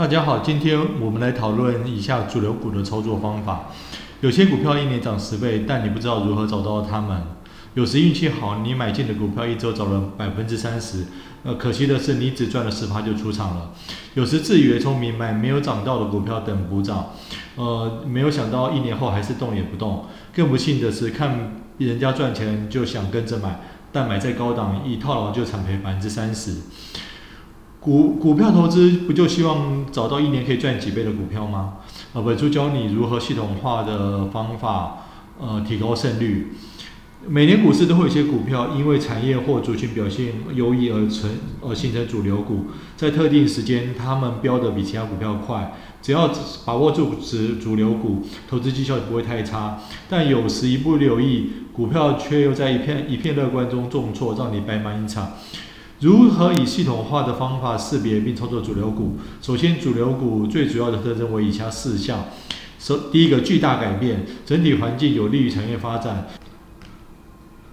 大家好，今天我們來討論一下主流股的操作方法。有些股票一年漲十倍，但你不知道如何找到它們。有時運氣好，你買進的股票一周漲了百分之三十，呃，可惜的是你只賺了十趴就出場了。有時自以為聰明買，買沒有漲到的股票等補漲，呃，沒有想到一年後還是動也不動。更不幸的是，看人家賺錢就想跟着買，但買在高檔一套牢就慘賠百分之三十。股股票投資不就希望找到一年可以賺幾倍的股票嗎？啊、呃，本書教你如何系統化的方法，呃，提高勝率。每年股市都會有些股票因為產業或族群表現優異而成而形成主流股，在特定時間他們飆得比其他股票快，只要把握住主主流股，投資績效就不會太差。但有時一不留意，股票卻又在一片一片樂觀中重挫，讓你白忙一場。如何以系統化的方法識別並操作主流股？首先，主流股最主要的特徵為以下四項：首，第一個，巨大改變，整體環境有利於產業發展，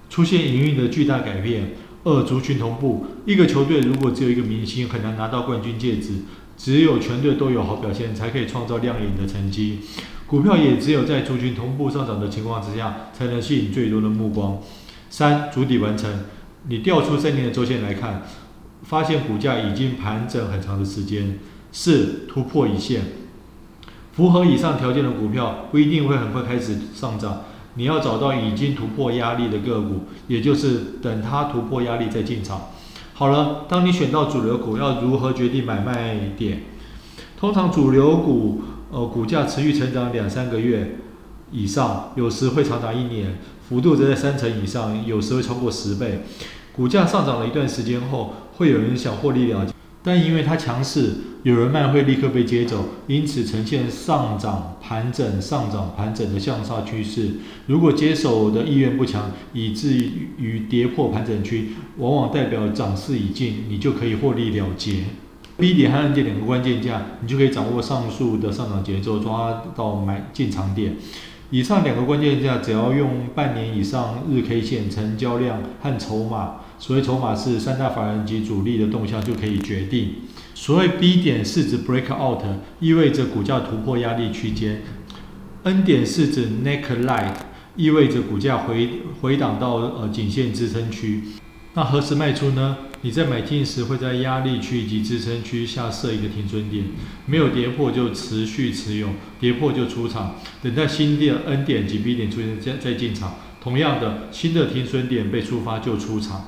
出現營運的巨大改變；二，族群同步，一個球隊如果只有一個明星，很難拿到冠軍戒指，只有全隊都有好表現，才可以創造亮眼的成績。股票也只有在族群同步上漲的情況之下，才能吸引最多的目光。三，築底完成。你調出三年的週線來看，發現股價已經盤整很長的時間，是突破已現，符合以上條件的股票不一定會很快開始上漲。你要找到已經突破壓力的個股，也就是等它突破壓力再進場。好了，當你選到主流股，要如何決定買賣點？通常主流股，呃，股價持續成長兩三個月以上，有時會長達一年，幅度則在三成以上，有時會超過十倍。股價上漲了一段時間後，會有人想獲利了結，但因為它強勢，有人賣會立刻被接走，因此呈現上漲盤整、上漲盤整的向上趨勢。如果接手的意願不強，以至於跌破盤整區，往往代表漲勢已盡，你就可以獲利了結。B 點和 N 點兩個關鍵價，你就可以掌握上述的上漲節奏，抓到買進場點。以上兩個關鍵價，只要用半年以上日 K 線、成交量和籌碼，所謂籌碼是三大法人及主力的動向，就可以決定。所謂 B 點是指 Breakout，意味着股價突破壓力區間；N 點是指 Neck Line，意味着股價回回檔到呃頸線支撐區。那何時賣出呢？你在買進時會在壓力區以及支撐區下設一個停損點，沒有跌破就持續持有，跌破就出場，等待新的 N 點及 B 點出現再再進場。同樣的，新的停損點被觸發就出場。